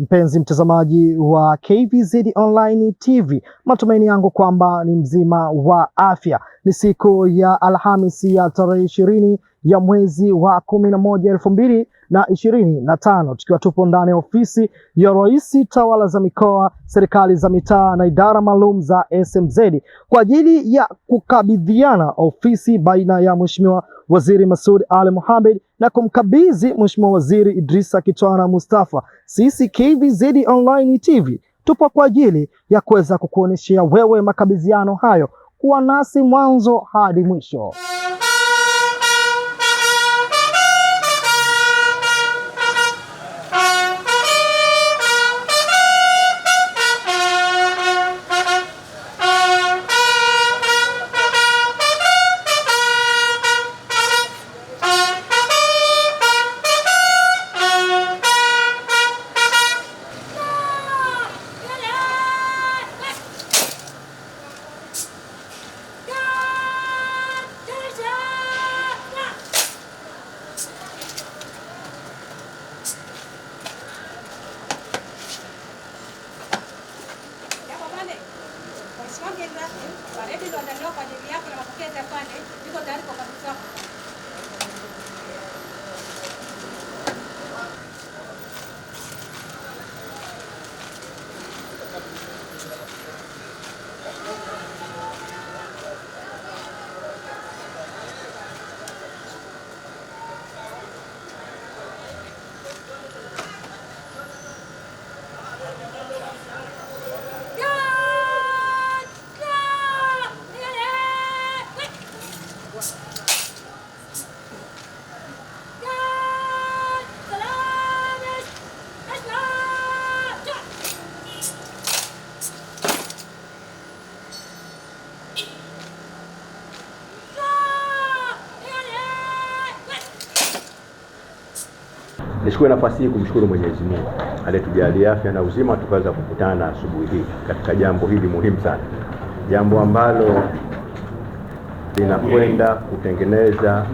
Mpenzi mtazamaji wa KVZ Online TV, matumaini yangu kwamba ni mzima wa afya. Ni siku ya Alhamisi ya tarehe ishirini ya mwezi wa kumi na moja elfu mbili na ishirini na tano tukiwa tupo ndani ya ofisi ya Rais Tawala za Mikoa, Serikali za Mitaa na Idara Maalum za SMZ kwa ajili ya kukabidhiana ofisi baina ya Mheshimiwa Waziri Masud Ali Mohamed na kumkabidhi Mheshimiwa Waziri Idrisa Kitwana Mustafa. Sisi KVZ Online TV tupo kwa ajili ya kuweza kukuoneshea wewe makabidhiano hayo. Kuwa nasi mwanzo hadi mwisho. 我在这边。Nichukue nafasi hii kumshukuru Mwenyezi Mungu aliyetujalia afya na uzima tukaweza kukutana asubuhi hii katika jambo hili muhimu sana, jambo ambalo linakwenda kutengeneza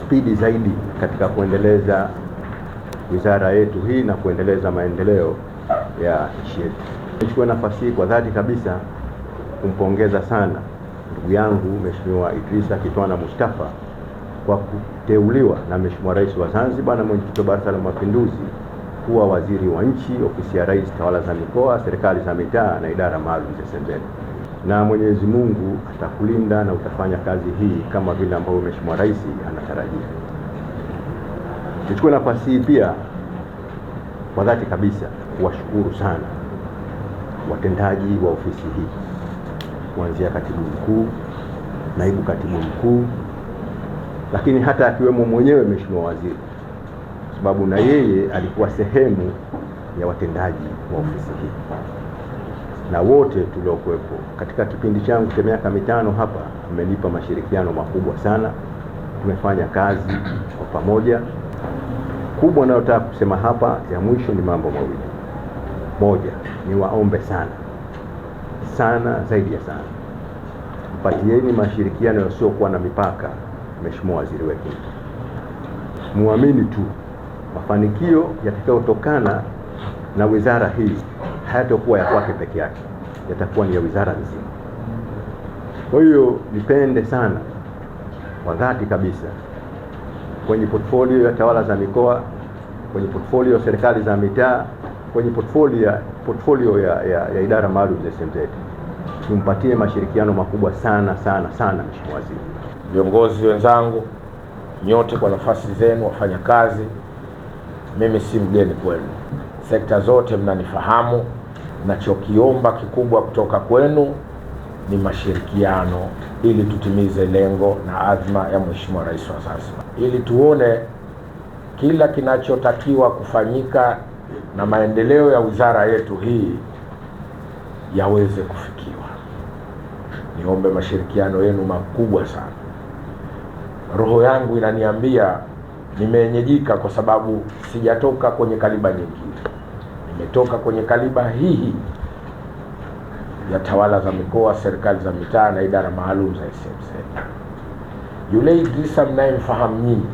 spidi zaidi katika kuendeleza wizara yetu hii na kuendeleza maendeleo ya nchi yetu. Nichukue nafasi hii kwa dhati kabisa kumpongeza sana ndugu yangu Mheshimiwa Idrisa Kitwana Mustafa kwa kuteuliwa na Mheshimiwa Rais wa Zanzibar na Mwenyekiti wa Baraza la Mapinduzi kuwa waziri wa nchi, ofisi ya Rais, tawala za mikoa, serikali za mitaa na idara maalum za SEMBENE na Mwenyezi Mungu atakulinda na utafanya kazi hii kama vile ambavyo Mheshimiwa Rais anatarajia. Nichukue nafasi hii pia kwa dhati kabisa kuwashukuru sana watendaji wa ofisi hii kuanzia katibu mkuu, naibu katibu mkuu, lakini hata akiwemo mwenyewe Mheshimiwa Waziri, sababu na yeye alikuwa sehemu ya watendaji wa ofisi hii na wote tuliokuwepo katika kipindi changu cha miaka mitano hapa, tumenipa mashirikiano makubwa sana. Tumefanya kazi kwa pamoja. Kubwa nayotaka kusema hapa ya mwisho ni mambo mawili. Moja, ni waombe sana sana, zaidi ya sana, mpatieni mashirikiano yasiokuwa na mipaka Mheshimiwa Waziri wetu, muamini tu mafanikio yatakayotokana na wizara hii hayatokuwa ya kwake peke yake, yatakuwa ni ya wizara nzima. Kwa hiyo nipende sana kwa dhati kabisa kwenye portfolio ya tawala za mikoa, kwenye portfolio ya serikali za mitaa, kwenye portfolio, portfolio ya, ya, ya idara maalum za SMZ tumpatie mashirikiano makubwa sana sana sana Mheshimiwa Waziri. Viongozi wenzangu nyote, kwa nafasi zenu, wafanya kazi, mimi si mgeni kwenu, sekta zote mnanifahamu nachokiomba kikubwa kutoka kwenu ni mashirikiano ili tutimize lengo na azma ya Mheshimiwa Rais wa Zanzibar, ili tuone kila kinachotakiwa kufanyika na maendeleo ya wizara yetu hii yaweze kufikiwa. Niombe mashirikiano yenu makubwa sana. Roho yangu inaniambia nimeenyejika, kwa sababu sijatoka kwenye kaliba nyingine imetoka kwenye kaliba hii ya tawala za mikoa, serikali za mitaa na idara maalum za SMC. Yule Idrisa mnayemfahamu nyinyi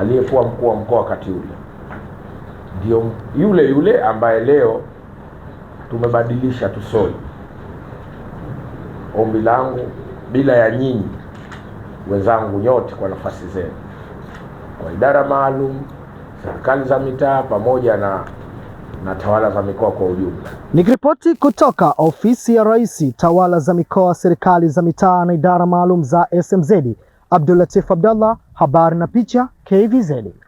aliyekuwa mkuu wa mkoa wakati ule ndio yule yule ambaye leo tumebadilisha tusoi. Ombi langu bila ya nyinyi wenzangu nyote, kwa nafasi zenu, kwa idara maalum, serikali za mitaa pamoja na na tawala za mikoa kwa ujumla. Nikiripoti kutoka ofisi ya Rais, tawala za mikoa, serikali za mitaa na idara maalum za SMZ, Latif Abdallah, habari na picha, KVZ.